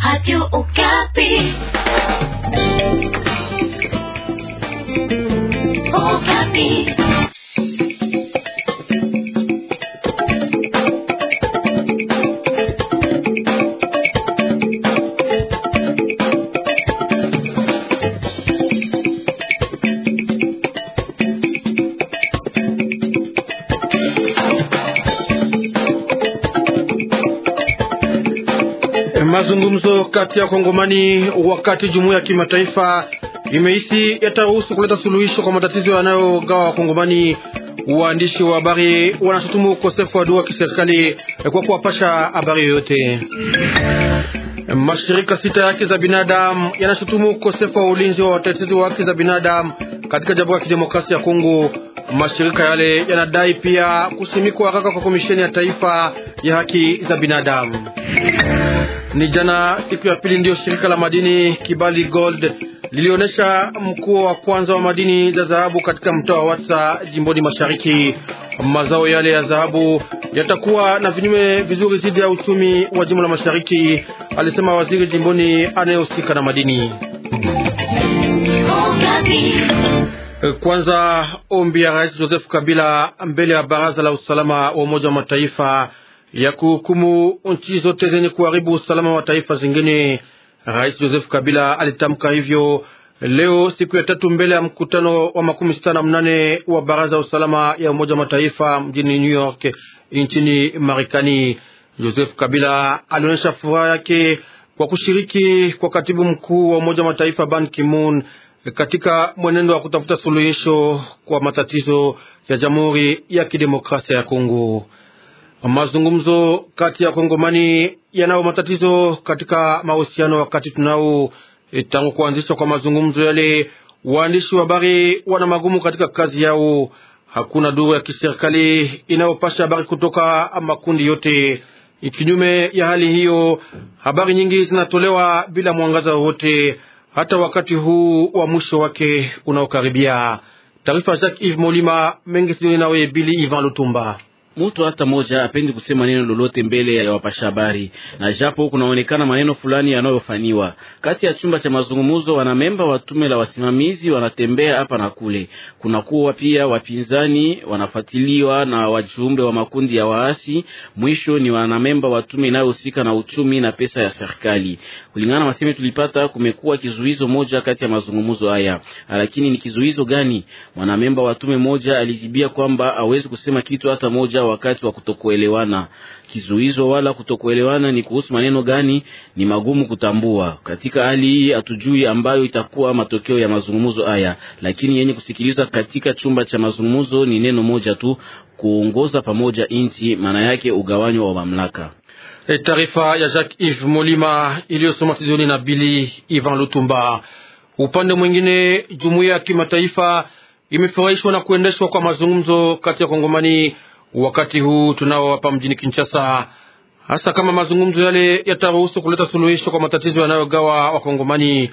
Radio Okapi. Okapi. mazungumzo kati ya Wakongomani wakati jumuiya ya kimataifa imeisi yataruhusu kuleta suluhisho kwa matatizo yanayogawa Wakongomani. Waandishi wa habari wanashutumu ukosefu wa dua kiserikali kwa kuwapasha habari yoyote. Mashirika sita ya haki za binadamu yanashutumu ukosefu wa ulinzi wa watetezi wa haki za binadamu katika Jamhuri ya Kidemokrasia ya Kongo. Mashirika yale yanadai pia kusimikwa haraka kwa Komisheni ya Taifa ya Haki za Binadamu. Ni jana siku ya pili ndiyo shirika la madini Kibali Gold lilionyesha mkuu wa kwanza wa madini za dhahabu katika mtaa wa Watsa jimboni mashariki. Mazao yale ya dhahabu yatakuwa na vinyume vizuri zidi ya uchumi wa jimbo la mashariki, alisema waziri jimboni anayehusika na madini. Kwanza ombi ya Rais Joseph Kabila mbele ya baraza la usalama wa Umoja wa Mataifa ya kuhukumu nchi zote zenye kuharibu usalama wa taifa zingine. Rais Joseph Kabila alitamka hivyo leo siku ya tatu mbele ya mkutano wa makumi sita na mnane wa baraza ya usalama ya Umoja wa Mataifa mjini New York nchini Marekani. Joseph Kabila alionyesha furaha yake kwa kushiriki kwa katibu mkuu wa Umoja wa Mataifa Ban Ki-moon katika mwenendo wa kutafuta suluhisho kwa matatizo ya Jamhuri ya Kidemokrasia ya Kongo mazungumzo kati ya Kongomani yanayo matatizo katika mahusiano, wakati tunao e, tangu kuanzishwa kwa mazungumzo yale, waandishi wa habari wana magumu katika kazi yao. Hakuna duru ya kiserikali inayopasha habari kutoka makundi yote. E, kinyume ya hali hiyo, habari nyingi zinatolewa bila mwangaza wowote, hata wakati huu wa mwisho wake unaokaribia. Taarifa Jacques Yves Molima mengi nawe Bili Ivan Lutumba mtu hata moja apendi kusema neno lolote mbele ya wapasha habari, na japo kunaonekana maneno fulani yanayofanywa kati ya chumba cha mazungumzo. Wana memba wa tume la wasimamizi wanatembea hapa na kule, kunakuwa pia wapinzani wanafuatiliwa na wajumbe wa makundi ya waasi. Mwisho ni wanamemba wa tume inayohusika na uchumi na pesa ya serikali. Kulingana na masemi tulipata, kumekuwa kizuizo moja kati ya mazungumzo haya, lakini ni kizuizo gani? Mwanamemba wa tume moja alijibia kwamba hawezi kusema kitu hata moja wakati wa kutokuelewana. Kizuizo wala kutokuelewana ni kuhusu maneno gani ni magumu kutambua. Katika hali hii hatujui ambayo itakuwa matokeo ya mazungumzo haya, lakini yenye kusikilizwa katika chumba cha mazungumzo ni neno moja tu, kuongoza pamoja nchi, maana yake ugawanyo wa mamlaka. E, taarifa ya Jacques Yves Molima iliyosoma studioni na Bili Ivan Lutumba. Upande mwingine, jumuiya ya kimataifa imefurahishwa na kuendeshwa kwa mazungumzo kati ya Kongomani wakati huu tunao hapa mjini Kinshasa, hasa kama mazungumzo yale yataruhusu kuleta suluhisho kwa matatizo yanayogawa Wakongomani.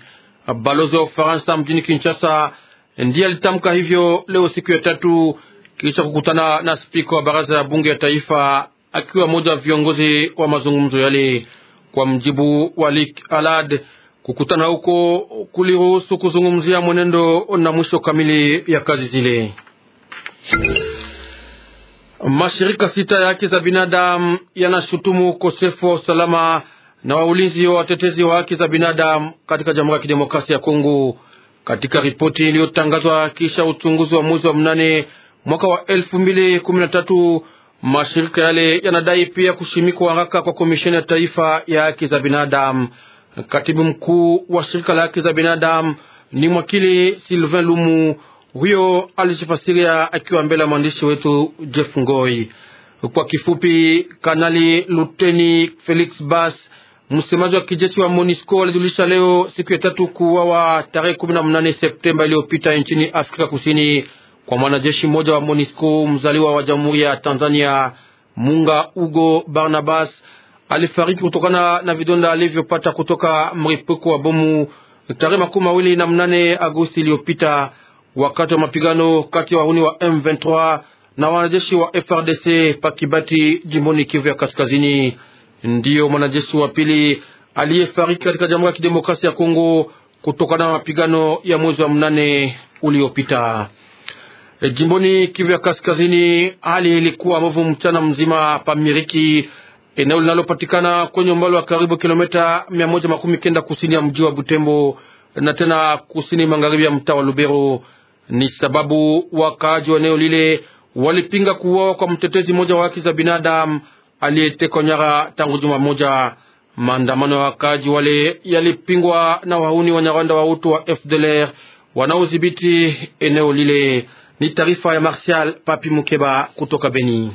Balozi wa Ufaransa mjini Kinshasa ndiye alitamka hivyo leo siku ya tatu kisha kukutana na spika wa baraza ya bunge ya taifa akiwa mmoja wa viongozi wa mazungumzo yale. Kwa mjibu wa Lik Alad, kukutana huko kuliruhusu kuzungumzia mwenendo na mwisho kamili ya kazi zile. Mashirika sita ya haki za binadamu yanashutumu ukosefu wa usalama na waulinzi wa watetezi wa haki za binadamu katika Jamhuri ya Kidemokrasia ya Kongo. Katika ripoti iliyotangazwa kisha uchunguzi wa mwezi wa mnane mwaka wa elfu mbili kumi na tatu mashirika yale yanadai pia kushimikwa haraka kwa komisheni ya taifa ya haki za binadamu. Katibu mkuu wa shirika la haki za binadamu ni mwakili Sylvain Lumu. Huyo alijifasiria akiwa mbele ya mwandishi wetu Jeff Ngoi. Kwa kifupi, Kanali Luteni Felix Bas, msemaji wa kijeshi wa MONUSCO, alijulisha leo siku ya tatu kuuawa tarehe 18 Septemba iliyopita nchini Afrika Kusini kwa mwanajeshi mmoja wa MONUSCO mzaliwa wa Jamhuri ya Tanzania, Munga Ugo Barnabas alifariki kutokana na vidonda alivyopata kutoka mripuko wa bomu tarehe makumi mawili na mnane Agosti iliyopita wakati wa mapigano kati ya wahuni wa M23 na wanajeshi wa FRDC pakibati jimboni Kivu ya Kaskazini. Ndiyo mwanajeshi wa pili aliyefariki katika Jamhuri ya Kidemokrasia ya Kongo kutokana na mapigano ya mwezi wa mnane uliopita. E, jimboni Kivu ya Kaskazini hali ilikuwa mbovu mchana mzima pa Miriki, eneo linalopatikana kwenye umbali wa karibu kilomita mia moja makumi kenda kusini ya mji wa Butembo na tena kusini magharibi ya mtaa wa Lubero. Ni sababu wakaaji wa eneo lile walipinga kuuawa kwa mtetezi mmoja wa haki za binadamu aliyetekwa nyara tangu juma moja. Maandamano ya wakaaji wale yalipingwa na wahuni Wanyarwanda wa utu wa FDLR wanaodhibiti eneo lile. Ni taarifa ya Martial Papi Mukeba kutoka Beni.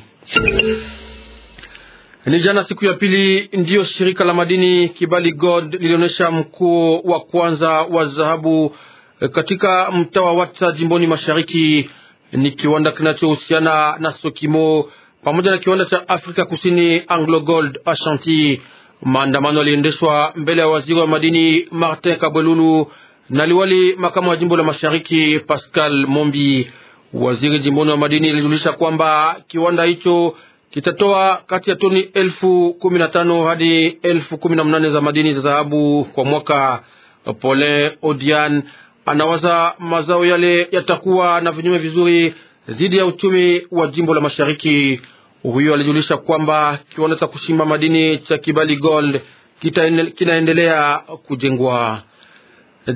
Ni jana siku ya pili ndiyo shirika la madini Kibali Gold lilionyesha mkuu wa kwanza wa dhahabu Eh, katika mtaa wa Wata jimboni Mashariki. Ni kiwanda kinachohusiana na Sokimo pamoja na kiwanda cha Afrika Kusini Anglo Gold Ashanti. Maandamano yaliendeshwa mbele ya waziri wa madini Martin Kabwelulu na liwali makamu wa jimbo la Mashariki Pascal Mombi. Waziri jimboni wa madini alijulisha kwamba kiwanda hicho kitatoa kati ya toni elfu kumi na tano hadi elfu kumi na mnane za madini za dhahabu kwa mwaka. Pole Odian anawaza mazao yale yatakuwa na vinyume vizuri dhidi ya uchumi wa jimbo la mashariki. Huyo alijulisha kwamba kiwanda cha kushimba madini cha Kibali Gold kinaendelea kujengwa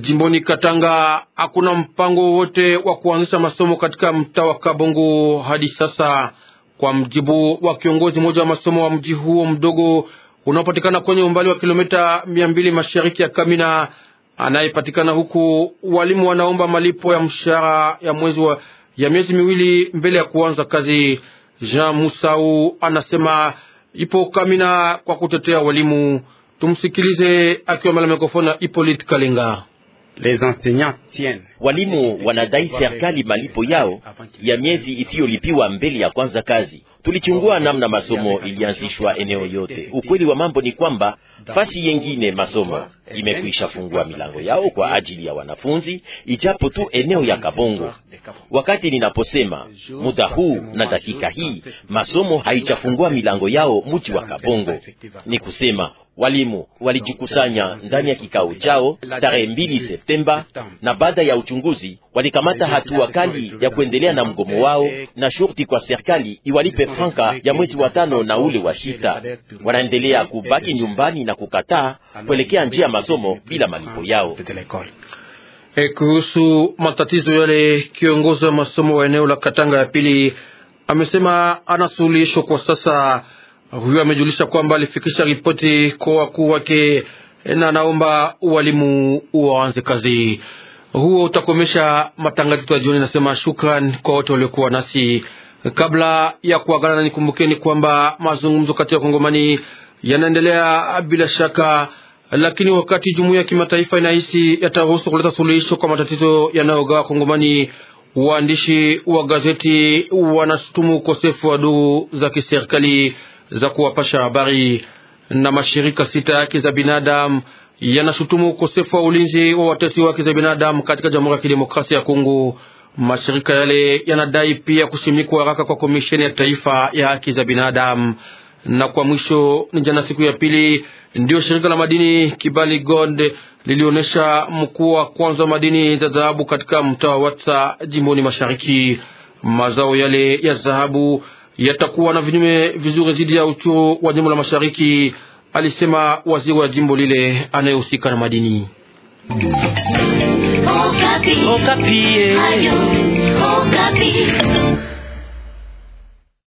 jimboni Katanga. Hakuna mpango wowote wa kuanzisha masomo katika mtaa wa Kabongo hadi sasa, kwa mjibu wa kiongozi mmoja wa masomo wa mji huo mdogo unaopatikana kwenye umbali wa kilomita mia mbili mashariki ya Kamina anayepatikana huku. Walimu wanaomba malipo ya mshahara ya mwezi wa ya miezi miwili mbele ya kuanza kazi. Jean Musau anasema ipo kamina kwa kutetea walimu. Tumsikilize akiwa mbele ya mikrofoni ya Hippolyte Les enseignants tiennent Walimu wanadai serikali malipo yao ya miezi isiyolipiwa mbele ya kwanza kazi. Tulichungua namna masomo ilianzishwa eneo yote. Ukweli wa mambo ni kwamba fasi yengine masomo imekwisha fungua milango yao kwa ajili ya wanafunzi, ijapo tu eneo ya Kabongo. Wakati ninaposema muda huu na dakika hii, masomo haijafungua milango yao mji wa Kabongo, ni kusema walimu walijikusanya ndani ya kikao chao tarehe mbili Septemba na baada ya uchunguzi walikamata hatua kali ya kuendelea na mgomo wao, na shurti kwa serikali iwalipe franka ya mwezi wa tano na ule wa sita. Wanaendelea kubaki nyumbani na kukataa kuelekea njia masomo bila malipo yao. E, kuhusu matatizo yale, kiongozi wa masomo wa eneo la Katanga ya pili amesema ana suluhisho kwa sasa. Huyo amejulisha kwamba alifikisha ripoti kwa wakuu wake na anaomba walimu waanze kazi. Huo utakomesha matangazo yetu ya jioni. Nasema shukran kwa wote waliokuwa nasi. Kabla ya kuagana, nikumbukeni kwamba mazungumzo kati ya Kongomani yanaendelea bila shaka, lakini wakati jumuiya ya kimataifa inahisi yataruhusu kuleta suluhisho kwa matatizo yanayogawa Kongomani, waandishi wa gazeti wanashutumu ukosefu wa duru za kiserikali za kuwapasha habari na mashirika sita yake za binadamu yanashutumu ukosefu wa ulinzi wa watesi wake za binadamu katika Jamhuri ya Kidemokrasia ya Kongo. Mashirika yale yanadai pia kusimikwa haraka kwa komisheni ya taifa ya haki za binadamu. Na kwa mwisho, ni jana siku ya pili ndio shirika la madini Kibali Gold lilionyesha mkuu wa kwanza wa madini za dhahabu katika mtaa wa Watsa jimboni mashariki. Mazao yale ya dhahabu yatakuwa na vinyume vizuri zidi ya uchuru wa jimbo la mashariki alisema waziri wa jimbo lile anayehusika na madini. Okapi. Okapi. Eh.